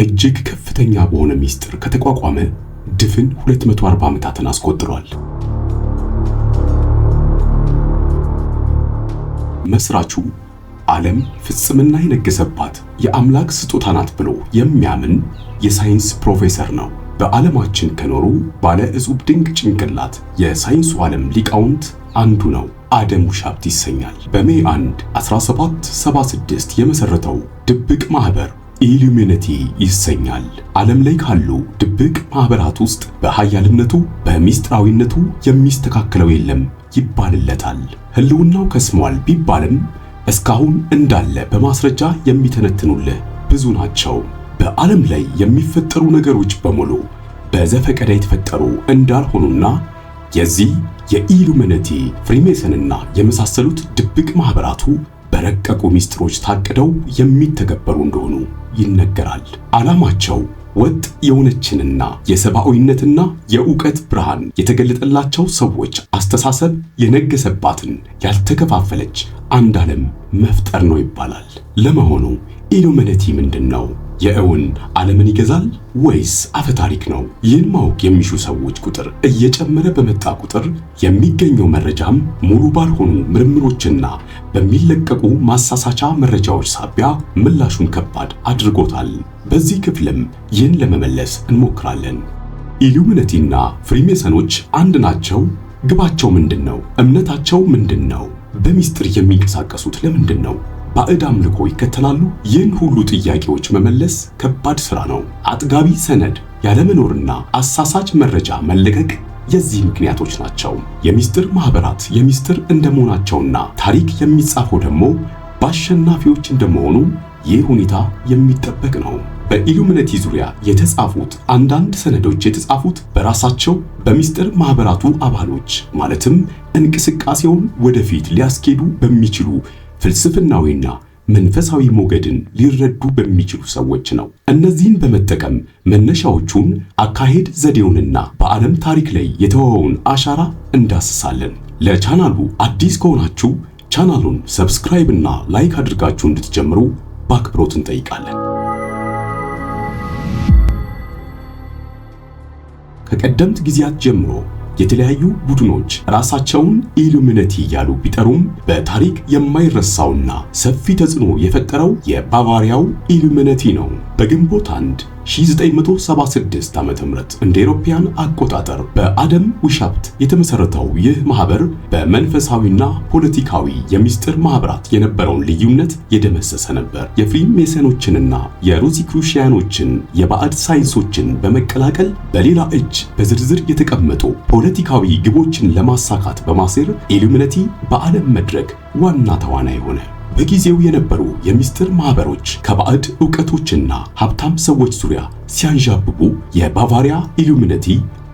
እጅግ ከፍተኛ በሆነ ሚስጥር ከተቋቋመ ድፍን 240 ዓመታትን አስቆጥሯል። መስራቹ ዓለም ፍጽምና የነገሰባት የአምላክ ስጦታ ናት ብሎ የሚያምን የሳይንስ ፕሮፌሰር ነው። በዓለማችን ከኖሩ ባለ እጹብ ድንቅ ጭንቅላት የሳይንሱ ዓለም ሊቃውንት አንዱ ነው። አደም ውሻብት ይሰኛል። በሜይ 1 1776 የመሰረተው ድብቅ ማህበር ኢሉሚነቲ ይሰኛል። ዓለም ላይ ካሉ ድብቅ ማኅበራት ውስጥ በኃያልነቱ በሚስጥራዊነቱ የሚስተካከለው የለም ይባልለታል። ህልውናው ከስሟል ቢባልም እስካሁን እንዳለ በማስረጃ የሚተነትኑልህ ብዙ ናቸው። በዓለም ላይ የሚፈጠሩ ነገሮች በሙሉ በዘፈቀደ የተፈጠሩ እንዳልሆኑና የዚህ የኢሉሚነቲ ፍሪሜሰንና የመሳሰሉት ድብቅ ማኅበራቱ በረቀቁ ሚስጥሮች ታቅደው የሚተገበሩ እንደሆኑ ይነገራል። ዓላማቸው ወጥ የሆነችንና የሰብአዊነትና የእውቀት ብርሃን የተገለጠላቸው ሰዎች አስተሳሰብ የነገሰባትን ያልተከፋፈለች አንድ ዓለም መፍጠር ነው ይባላል። ለመሆኑ ኢሉሚናቲ ምንድን ነው? የእውን ዓለምን ይገዛል ወይስ አፈ ታሪክ ነው? ይህን ማወቅ የሚሹ ሰዎች ቁጥር እየጨመረ በመጣ ቁጥር የሚገኘው መረጃም ሙሉ ባልሆኑ ምርምሮችና በሚለቀቁ ማሳሳቻ መረጃዎች ሳቢያ ምላሹን ከባድ አድርጎታል። በዚህ ክፍልም ይህን ለመመለስ እንሞክራለን። ኢሉሚናቲና ፍሪሜሰኖች አንድ ናቸው? ግባቸው ምንድን ነው? እምነታቸው ምንድን ነው? በሚስጥር የሚንቀሳቀሱት ለምንድን ነው? ባዕድ አምልኮ ይከተላሉ? ይህን ሁሉ ጥያቄዎች መመለስ ከባድ ስራ ነው። አጥጋቢ ሰነድ ያለመኖርና አሳሳች መረጃ መለቀቅ የዚህ ምክንያቶች ናቸው። የሚስጥር ማህበራት የሚስጥር እንደመሆናቸውና ታሪክ የሚጻፈው ደግሞ በአሸናፊዎች እንደመሆኑ ይህ ሁኔታ የሚጠበቅ ነው። በኢሉሚናቲ ዙሪያ የተጻፉት አንዳንድ ሰነዶች የተጻፉት በራሳቸው በሚስጥር ማህበራቱ አባሎች ማለትም እንቅስቃሴውን ወደፊት ሊያስኬዱ በሚችሉ ፍልስፍናዊና መንፈሳዊ ሞገድን ሊረዱ በሚችሉ ሰዎች ነው። እነዚህን በመጠቀም መነሻዎቹን፣ አካሄድ፣ ዘዴውንና በዓለም ታሪክ ላይ የተወውን አሻራ እንዳስሳለን። ለቻናሉ አዲስ ከሆናችሁ ቻናሉን ሰብስክራይብ እና ላይክ አድርጋችሁ እንድትጀምሩ በአክብሮት እንጠይቃለን። ከቀደምት ጊዜያት ጀምሮ የተለያዩ ቡድኖች ራሳቸውን ኢሉሚነቲ እያሉ ቢጠሩም በታሪክ የማይረሳውና ሰፊ ተጽዕኖ የፈጠረው የባቫሪያው ኢሉሚነቲ ነው። በግንቦት አንድ 1976 ዓ.ም እንደ ኢሮፓያን አቆጣጠር በአደም ዊሻፕት የተመሰረተው ይህ ማህበር በመንፈሳዊና ፖለቲካዊ የሚስጥር ማህበራት የነበረውን ልዩነት የደመሰሰ ነበር። የፍሪሜሰኖችንና የሮዚክሩሺያኖችን የባዕድ ሳይንሶችን በመቀላቀል በሌላ እጅ በዝርዝር የተቀመጡ ፖለቲካዊ ግቦችን ለማሳካት በማሴር ኢሉሚናቲ በዓለም መድረክ ዋና ተዋናይ ሆነ። በጊዜው የነበሩ የምስጢር ማህበሮች ከባዕድ ዕውቀቶችና ሀብታም ሰዎች ዙሪያ ሲያንዣብቡ የባቫሪያ ኢሉሚነቲ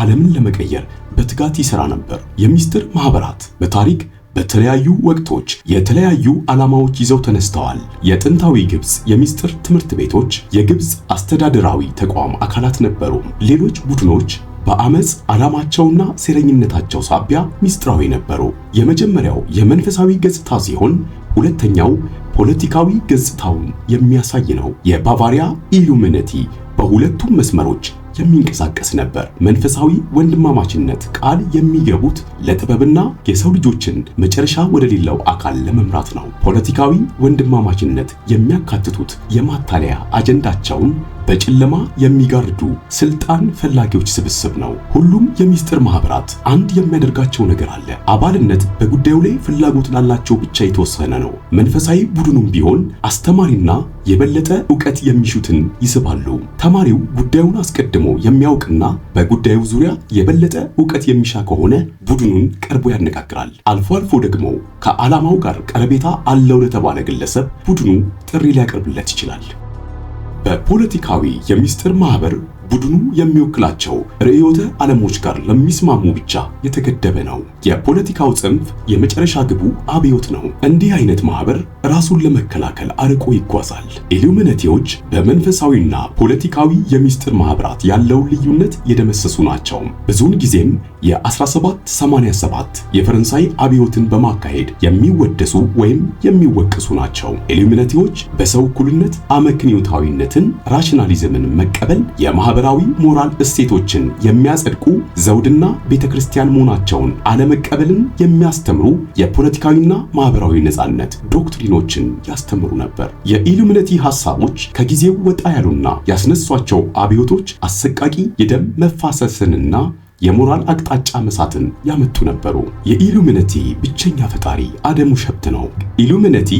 ዓለምን ለመቀየር በትጋት ይሰራ ነበር። የምስጢር ማህበራት በታሪክ በተለያዩ ወቅቶች የተለያዩ ዓላማዎች ይዘው ተነስተዋል። የጥንታዊ ግብፅ የምስጢር ትምህርት ቤቶች የግብፅ አስተዳደራዊ ተቋም አካላት ነበሩ። ሌሎች ቡድኖች በአመፅ ዓላማቸውና ሴረኝነታቸው ሳቢያ ሚስጥራዊ ነበሩ። የመጀመሪያው የመንፈሳዊ ገጽታ ሲሆን ሁለተኛው ፖለቲካዊ ገጽታውን የሚያሳይ ነው። የባቫሪያ ኢሉሚነቲ በሁለቱም መስመሮች የሚንቀሳቀስ ነበር። መንፈሳዊ ወንድማማችነት ቃል የሚገቡት ለጥበብና የሰው ልጆችን መጨረሻ ወደሌለው አካል ለመምራት ነው። ፖለቲካዊ ወንድማማችነት የሚያካትቱት የማታለያ አጀንዳቸውን በጨለማ የሚጋርዱ ስልጣን ፈላጊዎች ስብስብ ነው። ሁሉም የሚስጥር ማህበራት አንድ የሚያደርጋቸው ነገር አለ። አባልነት በጉዳዩ ላይ ፍላጎት ላላቸው ብቻ የተወሰነ ነው። መንፈሳዊ ቡድኑም ቢሆን አስተማሪና የበለጠ እውቀት የሚሹትን ይስባሉ። ተማሪው ጉዳዩን አስቀድሞ የሚያውቅና በጉዳዩ ዙሪያ የበለጠ እውቀት የሚሻ ከሆነ ቡድኑን ቀርቦ ያነጋግራል። አልፎ አልፎ ደግሞ ከዓላማው ጋር ቀረቤታ አለው ለተባለ ግለሰብ ቡድኑ ጥሪ ሊያቀርብለት ይችላል። በፖለቲካዊ የሚስጥር ማህበር ቡድኑ የሚወክላቸው ርዕዮተ ዓለሞች ጋር ለሚስማሙ ብቻ የተገደበ ነው። የፖለቲካው ጽንፍ የመጨረሻ ግቡ አብዮት ነው። እንዲህ አይነት ማህበር ራሱን ለመከላከል አርቆ ይጓዛል። ኢሉሚነቲዎች በመንፈሳዊና ፖለቲካዊ የሚስጥር ማህበራት ያለውን ልዩነት የደመሰሱ ናቸው። ብዙውን ጊዜም የ1787 የፈረንሳይ አብዮትን በማካሄድ የሚወደሱ ወይም የሚወቀሱ ናቸው። ኢሉሚነቲዎች በሰው እኩልነት አመክንዮታዊነትን ራሽናሊዝምን መቀበል የማህበር ማህበራዊ ሞራል እሴቶችን የሚያጸድቁ ዘውድና ቤተክርስቲያን መሆናቸውን አለመቀበልን የሚያስተምሩ የፖለቲካዊና ማህበራዊ ነጻነት ዶክትሪኖችን ያስተምሩ ነበር። የኢሉሚነቲ ሐሳቦች ከጊዜው ወጣ ያሉና ያስነሷቸው አብዮቶች አሰቃቂ የደም መፋሰስንና የሞራል አቅጣጫ መሳትን ያመጡ ነበሩ። የኢሉሚነቲ ብቸኛ ፈጣሪ አደሙ ሸብት ነው። ኢሉሚነቲ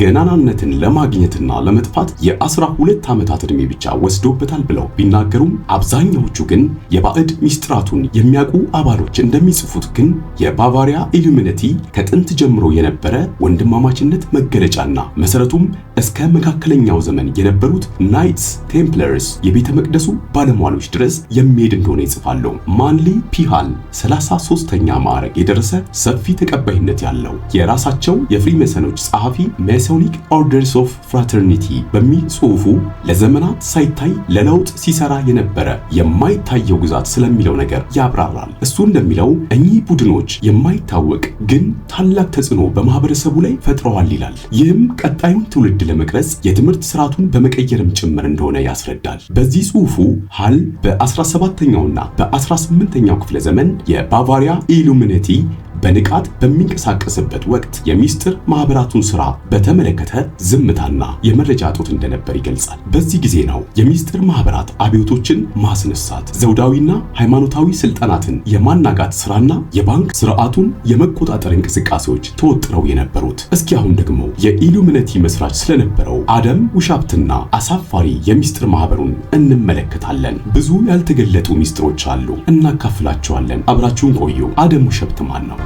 ገናናነትን ለማግኘትና ለመጥፋት የአስራ ሁለት ዓመታት ዕድሜ ብቻ ወስዶበታል ብለው ቢናገሩም አብዛኛዎቹ ግን የባዕድ ሚስጥራቱን የሚያውቁ አባሎች እንደሚጽፉት ግን የባቫሪያ ኢሉሚነቲ ከጥንት ጀምሮ የነበረ ወንድማማችነት መገለጫና መሰረቱም እስከ መካከለኛው ዘመን የነበሩት ናይትስ ቴምፕለርስ የቤተ መቅደሱ ባለሟሎች ድረስ የሚሄድ እንደሆነ ይጽፋሉ። ማንሊ ፒሃል 33ኛ ማዕረግ የደረሰ ሰፊ ተቀባይነት ያለው የራሳቸው የፍሪመሰኖች ጸሐፊ Masonic Orders of Fraternity በሚል ጽሑፉ ለዘመናት ሳይታይ ለለውጥ ሲሰራ የነበረ የማይታየው ግዛት ስለሚለው ነገር ያብራራል። እሱ እንደሚለው እኚህ ቡድኖች የማይታወቅ ግን ታላቅ ተጽዕኖ በማህበረሰቡ ላይ ፈጥረዋል ይላል። ይህም ቀጣዩን ትውልድ ለመቅረጽ የትምህርት ስርዓቱን በመቀየርም ጭምር እንደሆነ ያስረዳል። በዚህ ጽሑፉ ሃል በ17ኛውና በ18ኛው ክፍለ ዘመን የባቫሪያ ኢሉሚኔቲ በንቃት በሚንቀሳቀስበት ወቅት የሚስጥር ማህበራቱን ስራ በተመለከተ ዝምታና የመረጃ እጦት እንደነበር ይገልጻል። በዚህ ጊዜ ነው የሚስጥር ማህበራት አብዮቶችን ማስነሳት፣ ዘውዳዊና ሃይማኖታዊ ስልጣናትን የማናጋት ስራና የባንክ ስርዓቱን የመቆጣጠር እንቅስቃሴዎች ተወጥረው የነበሩት። እስኪ አሁን ደግሞ የኢሉሚነቲ መስራች ስለነበረው አደም ውሻብትና አሳፋሪ የሚስጥር ማህበሩን እንመለከታለን። ብዙ ያልተገለጡ ሚስጥሮች አሉ፣ እናካፍላቸዋለን። አብራችሁን ቆዩ። አደም ውሸብት ማን ነው?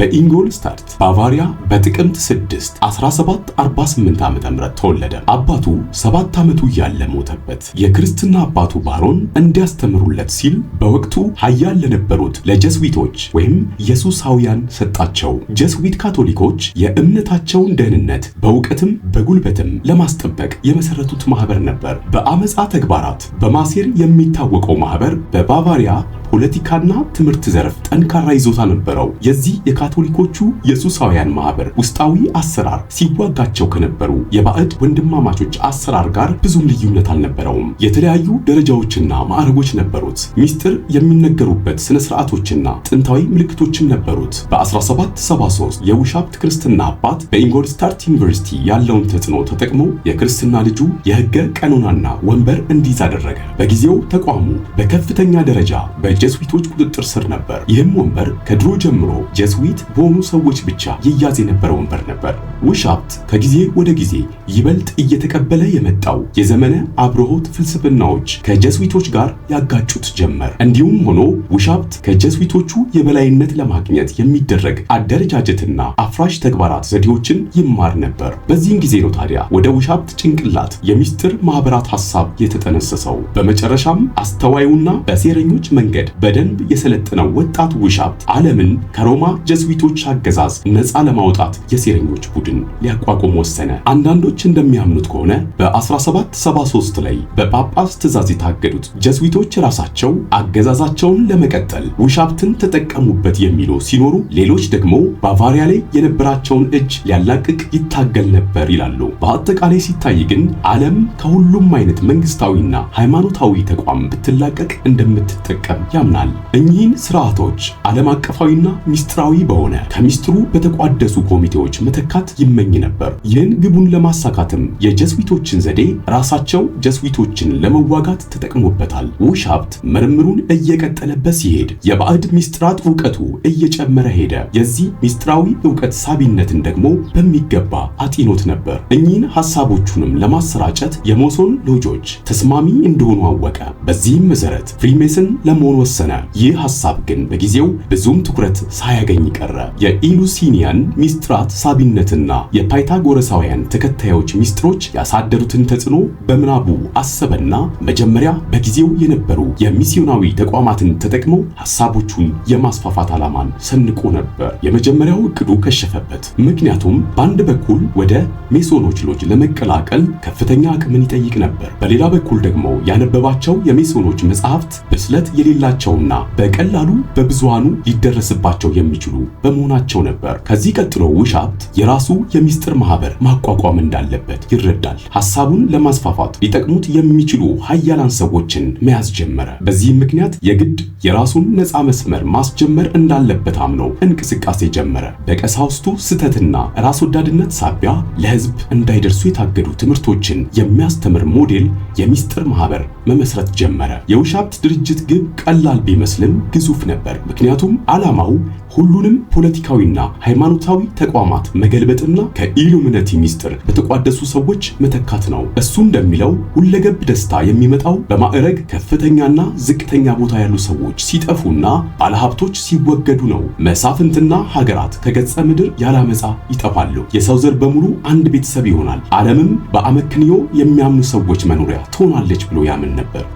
በኢንጎልስታድት ባቫሪያ በጥቅምት 6 1748 ዓ.ም ተወለደ። አባቱ ሰባት ዓመቱ እያለ ሞተበት። የክርስትና አባቱ ባሮን እንዲያስተምሩለት ሲል በወቅቱ ሀያል ለነበሩት ለጀስዊቶች ወይም የሱሳውያን ሰጣቸው። ጀስዊት ካቶሊኮች የእምነታቸውን ደህንነት በእውቀትም በጉልበትም ለማስጠበቅ የመሰረቱት ማህበር ነበር። በአመፃ ተግባራት በማሴር የሚታወቀው ማህበር በባቫሪያ ፖለቲካና ትምህርት ዘርፍ ጠንካራ ይዞታ ነበረው። የዚህ የካ ካቶሊኮቹ የሱሳውያን ማህበር ውስጣዊ አሰራር ሲዋጋቸው ከነበሩ የባዕድ ወንድማማቾች አሰራር ጋር ብዙም ልዩነት አልነበረውም። የተለያዩ ደረጃዎችና ማዕረጎች ነበሩት። ሚስጥር የሚነገሩበት ስነ ስርዓቶችና ጥንታዊ ምልክቶችም ነበሩት። በ1773 የውሻብት ክርስትና አባት በኢንጎልስታርት ዩኒቨርሲቲ ያለውን ተጽዕኖ ተጠቅሞ የክርስትና ልጁ የህገ ቀኖናና ወንበር እንዲይዝ አደረገ። በጊዜው ተቋሙ በከፍተኛ ደረጃ በጀስዊቶች ቁጥጥር ስር ነበር። ይህም ወንበር ከድሮ ጀምሮ ጀስዊት በሆኑ ሰዎች ብቻ ይያዝ የነበረ ወንበር ነበር። ውሻብት ከጊዜ ወደ ጊዜ ይበልጥ እየተቀበለ የመጣው የዘመነ አብርሆት ፍልስፍናዎች ከጀስዊቶች ጋር ያጋጩት ጀመር። እንዲሁም ሆኖ ውሻብት ከጀስዊቶቹ የበላይነት ለማግኘት የሚደረግ አደረጃጀትና አፍራሽ ተግባራት ዘዴዎችን ይማር ነበር። በዚህም ጊዜ ነው ታዲያ ወደ ውሻፕት ጭንቅላት የሚስጥር ማህበራት ሐሳብ የተጠነሰሰው። በመጨረሻም አስተዋዩና በሴረኞች መንገድ በደንብ የሰለጠነው ወጣት ውሻብት ዓለምን ከሮማ ጀስዊ የኢዙዊቶች አገዛዝ ነፃ ለማውጣት የሴረኞች ቡድን ሊያቋቁም ወሰነ። አንዳንዶች እንደሚያምኑት ከሆነ በ1773 ላይ በጳጳስ ትእዛዝ የታገዱት ጀዝዊቶች ራሳቸው አገዛዛቸውን ለመቀጠል ውሻብትን ተጠቀሙበት የሚሉ ሲኖሩ፣ ሌሎች ደግሞ ባቫሪያ ላይ የነበራቸውን እጅ ሊያላቅቅ ይታገል ነበር ይላሉ። በአጠቃላይ ሲታይ ግን ዓለም ከሁሉም አይነት መንግስታዊና ሃይማኖታዊ ተቋም ብትላቀቅ እንደምትጠቀም ያምናል። እኚህን ስርዓቶች ዓለም አቀፋዊና ሚስጥራዊ በ ሆነ። ከሚስጥሩ በተቋደሱ ኮሚቴዎች መተካት ይመኝ ነበር። ይህን ግቡን ለማሳካትም የጀስዊቶችን ዘዴ ራሳቸው ጀስዊቶችን ለመዋጋት ተጠቅሞበታል። ውሻብት ምርምሩን እየቀጠለበት ሲሄድ የባዕድ ሚስጥራት እውቀቱ እየጨመረ ሄደ። የዚህ ሚስጥራዊ እውቀት ሳቢነትን ደግሞ በሚገባ አጢኖት ነበር። እኚህን ሐሳቦቹንም ለማሰራጨት የሞሶን ሎጆች ተስማሚ እንደሆኑ አወቀ። በዚህም መሰረት ፍሪሜስን ለመሆን ወሰነ። ይህ ሐሳብ ግን በጊዜው ብዙም ትኩረት ሳያገኝ ቀረ። የኢሉሲኒያን ሚስጥራት ሳቢነትና የፓይታጎረሳውያን ተከታዮች ሚስጥሮች ያሳደሩትን ተጽዕኖ በምናቡ አሰበና መጀመሪያ በጊዜው የነበሩ የሚስዮናዊ ተቋማትን ተጠቅሞ ሐሳቦቹን የማስፋፋት ዓላማን ሰንቆ ነበር። የመጀመሪያው እቅዱ ከሸፈበት። ምክንያቱም በአንድ በኩል ወደ ሜሶኖች ሎጅ ለመቀላቀል ከፍተኛ አቅምን ይጠይቅ ነበር። በሌላ በኩል ደግሞ ያነበባቸው የሜሶኖች መጽሐፍት ብስለት የሌላቸውና በቀላሉ በብዙሃኑ ሊደረስባቸው የሚችሉ በመሆናቸው ነበር። ከዚህ ቀጥሎ ውሻብት የራሱ የሚስጥር ማህበር ማቋቋም እንዳለበት ይረዳል። ሐሳቡን ለማስፋፋት ሊጠቅሙት የሚችሉ ሀያላን ሰዎችን መያዝ ጀመረ። በዚህም ምክንያት የግድ የራሱን ነፃ መስመር ማስጀመር እንዳለበት አምኖ እንቅስቃሴ ጀመረ። በቀሳውስቱ ስህተትና ራስ ወዳድነት ሳቢያ ለህዝብ እንዳይደርሱ የታገዱ ትምህርቶችን የሚያስተምር ሞዴል የሚስጥር ማህበር መመስረት ጀመረ። የውሻብት ድርጅት ግብ ቀላል ቢመስልም ግዙፍ ነበር። ምክንያቱም ዓላማው ሁሉንም ፖለቲካዊና ሃይማኖታዊ ተቋማት መገልበጥና ከኢሉሚናቲ ሚስጥር በተቋደሱ ሰዎች መተካት ነው። እሱ እንደሚለው ሁለገብ ደስታ የሚመጣው በማዕረግ ከፍተኛና ዝቅተኛ ቦታ ያሉ ሰዎች ሲጠፉና ባለሀብቶች ሲወገዱ ነው። መሳፍንትና ሀገራት ከገጸ ምድር ያላመጻ ይጠፋሉ። የሰው ዘር በሙሉ አንድ ቤተሰብ ይሆናል። ዓለምም በአመክንዮ የሚያምኑ ሰዎች መኖሪያ ትሆናለች ብሎ ያምን ነበር።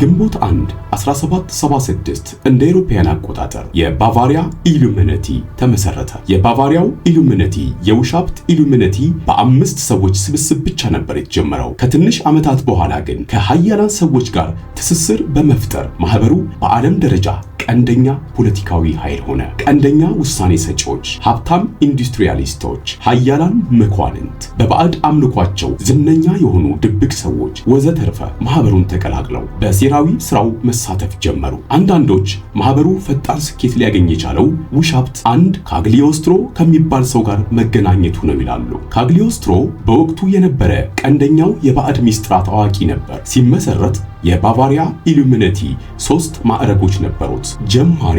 ግንቦት 1 1776 እንደ አውሮፓውያን አቆጣጠር የባቫሪያ ኢሉሚነቲ ተመሰረተ። የባቫሪያው ኢሉሚነቲ የውሻብት ኢሉሚነቲ በአምስት ሰዎች ስብስብ ብቻ ነበር የተጀመረው። ከትንሽ ዓመታት በኋላ ግን ከሀያላን ሰዎች ጋር ትስስር በመፍጠር ማህበሩ በዓለም ደረጃ ቀንደኛ ፖለቲካዊ ኃይል ሆነ። ቀንደኛ ውሳኔ ሰጪዎች፣ ሀብታም ኢንዱስትሪያሊስቶች፣ ሀያላን መኳንንት፣ በባዕድ አምልኳቸው ዝነኛ የሆኑ ድብቅ ሰዎች ወዘተርፈ ማህበሩን ተቀላቅለው በሴራዊ ስራው መሳተፍ ጀመሩ። አንዳንዶች ማህበሩ ፈጣን ስኬት ሊያገኝ የቻለው ውሻብት አንድ ካግሊዮስትሮ ከሚባል ሰው ጋር መገናኘቱ ነው ይላሉ። ካግሊዮስትሮ በወቅቱ የነበረ ቀንደኛው የባዕድ ሚስጥራት አዋቂ ነበር። ሲመሰረት የባቫሪያ ኢሉሚነቲ ሶስት ማዕረጎች ነበሩት። ጀማሪ፣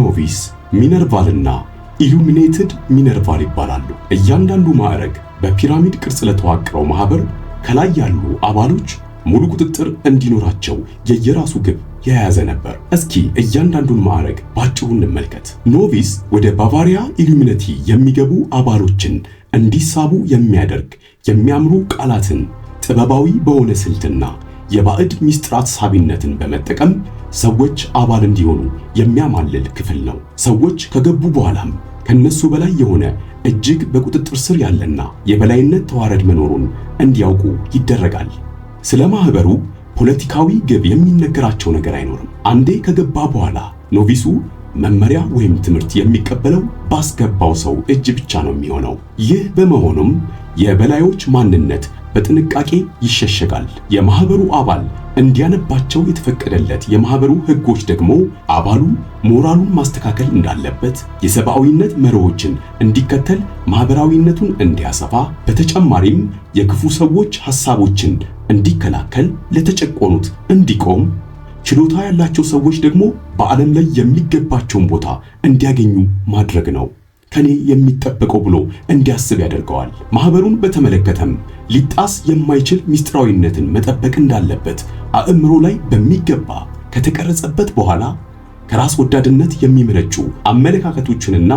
ኖቪስ፣ ሚነርቫልና ኢሉሚኔትድ ሚነርቫል ይባላሉ። እያንዳንዱ ማዕረግ በፒራሚድ ቅርጽ ለተዋቀረው ማህበር ከላይ ያሉ አባሎች ሙሉ ቁጥጥር እንዲኖራቸው የየራሱ ግብ የያዘ ነበር። እስኪ እያንዳንዱን ማዕረግ ባጭሩ እንመልከት። ኖቪስ ወደ ባቫሪያ ኢሉሚነቲ የሚገቡ አባሎችን እንዲሳቡ የሚያደርግ የሚያምሩ ቃላትን ጥበባዊ በሆነ ስልትና የባዕድ ሚስጥራት ሳቢነትን በመጠቀም ሰዎች አባል እንዲሆኑ የሚያማልል ክፍል ነው። ሰዎች ከገቡ በኋላም ከነሱ በላይ የሆነ እጅግ በቁጥጥር ስር ያለና የበላይነት ተዋረድ መኖሩን እንዲያውቁ ይደረጋል። ስለ ማህበሩ ፖለቲካዊ ግብ የሚነገራቸው ነገር አይኖርም። አንዴ ከገባ በኋላ ኖቪሱ መመሪያ ወይም ትምህርት የሚቀበለው ባስገባው ሰው እጅ ብቻ ነው የሚሆነው። ይህ በመሆኑም የበላዮች ማንነት በጥንቃቄ ይሸሸጋል። የማህበሩ አባል እንዲያነባቸው የተፈቀደለት የማህበሩ ህጎች ደግሞ አባሉ ሞራሉን ማስተካከል እንዳለበት፣ የሰብአዊነት መርሆችን እንዲከተል፣ ማህበራዊነቱን እንዲያሰፋ፣ በተጨማሪም የክፉ ሰዎች ሐሳቦችን እንዲከላከል፣ ለተጨቆኑት እንዲቆም፣ ችሎታ ያላቸው ሰዎች ደግሞ በዓለም ላይ የሚገባቸውን ቦታ እንዲያገኙ ማድረግ ነው። ከኔ የሚጠበቀው ብሎ እንዲያስብ ያደርገዋል። ማህበሩን በተመለከተም ሊጣስ የማይችል ሚስጥራዊነትን መጠበቅ እንዳለበት አእምሮ ላይ በሚገባ ከተቀረጸበት በኋላ ከራስ ወዳድነት የሚመነጩ አመለካከቶችንና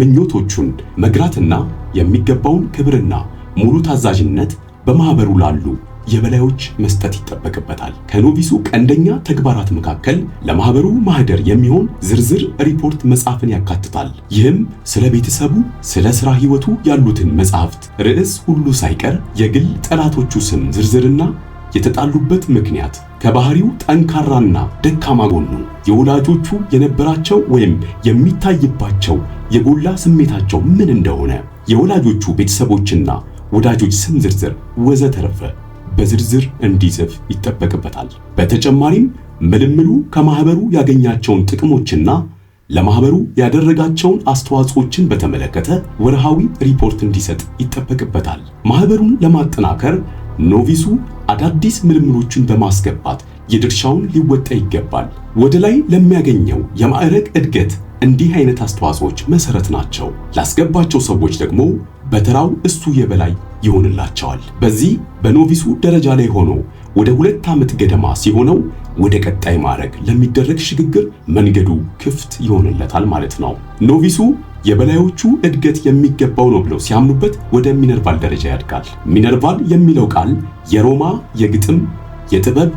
ምኞቶቹን መግራትና የሚገባውን ክብርና ሙሉ ታዛዥነት በማህበሩ ላሉ የበላዮች መስጠት ይጠበቅበታል። ከኖቪሱ ቀንደኛ ተግባራት መካከል ለማህበሩ ማህደር የሚሆን ዝርዝር ሪፖርት መጻፍን ያካትታል። ይህም ስለ ቤተሰቡ፣ ስለ ስራ ህይወቱ ያሉትን መጻሕፍት ርዕስ ሁሉ ሳይቀር የግል ጠላቶቹ ስም ዝርዝርና የተጣሉበት ምክንያት ከባህሪው ጠንካራና ደካማ ጎኑ የወላጆቹ የነበራቸው ወይም የሚታይባቸው የጎላ ስሜታቸው ምን እንደሆነ የወላጆቹ ቤተሰቦችና ወዳጆች ስም ዝርዝር ወዘተረፈ በዝርዝር እንዲጽፍ ይጠበቅበታል። በተጨማሪም ምልምሉ ከማህበሩ ያገኛቸውን ጥቅሞችና ለማህበሩ ያደረጋቸውን አስተዋጽኦችን በተመለከተ ወርሃዊ ሪፖርት እንዲሰጥ ይጠበቅበታል። ማህበሩን ለማጠናከር ኖቪሱ አዳዲስ ምልምሎችን በማስገባት የድርሻውን ሊወጣ ይገባል። ወደ ላይ ለሚያገኘው የማዕረግ እድገት እንዲህ አይነት አስተዋጽኦች መሰረት ናቸው። ላስገባቸው ሰዎች ደግሞ በተራው እሱ የበላይ ይሆንላቸዋል። በዚህ በኖቪሱ ደረጃ ላይ ሆኖ ወደ ሁለት ዓመት ገደማ ሲሆነው ወደ ቀጣይ ማዕረግ ለሚደረግ ሽግግር መንገዱ ክፍት ይሆንለታል ማለት ነው። ኖቪሱ የበላዮቹ እድገት የሚገባው ነው ብለው ሲያምኑበት ወደ ሚነርቫል ደረጃ ያድጋል። ሚነርቫል የሚለው ቃል የሮማ የግጥም፣ የጥበብ፣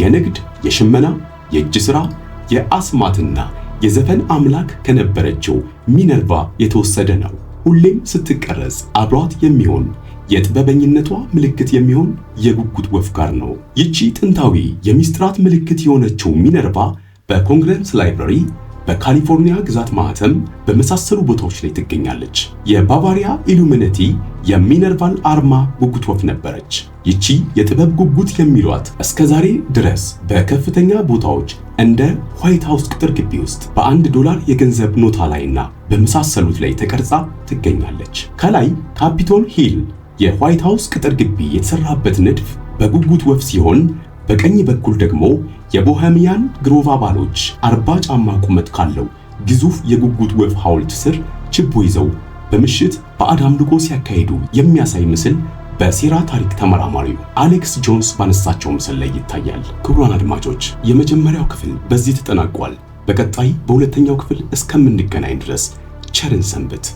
የንግድ፣ የሽመና፣ የእጅ ሥራ፣ የአስማትና የዘፈን አምላክ ከነበረችው ሚነርቫ የተወሰደ ነው። ሁሌም ስትቀረጽ አብሯት የሚሆን የጥበበኝነቷ ምልክት የሚሆን የጉጉት ወፍ ጋር ነው። ይቺ ጥንታዊ የሚስጥራት ምልክት የሆነችው ሚነርቫ በኮንግረስ ላይብረሪ፣ በካሊፎርኒያ ግዛት ማህተም በመሳሰሉ ቦታዎች ላይ ትገኛለች። የባቫሪያ ኢሉሚነቲ የሚነርቫል አርማ ጉጉት ወፍ ነበረች። ይቺ የጥበብ ጉጉት የሚሏት እስከ ዛሬ ድረስ በከፍተኛ ቦታዎች እንደ ዋይት ሃውስ ቅጥር ግቢ ውስጥ በአንድ ዶላር የገንዘብ ኖታ ላይና በመሳሰሉት ላይ ተቀርጻ ትገኛለች። ከላይ ካፒቶል ሂል የዋይት ሃውስ ቅጥር ግቢ የተሰራበት ንድፍ በጉጉት ወፍ ሲሆን በቀኝ በኩል ደግሞ የቦሄሚያን ግሮቭ አባሎች አርባ ጫማ ቁመት ካለው ግዙፍ የጉጉት ወፍ ሐውልት ስር ችቦ ይዘው በምሽት ባዕድ አምልኮ ሲያካሂዱ የሚያሳይ ምስል በሴራ ታሪክ ተመራማሪው አሌክስ ጆንስ ባነሳቸው ምስል ላይ ይታያል። ክቡራን አድማጮች የመጀመሪያው ክፍል በዚህ ተጠናቋል። በቀጣይ በሁለተኛው ክፍል እስከምንገናኝ ድረስ ቸርን ሰንብት።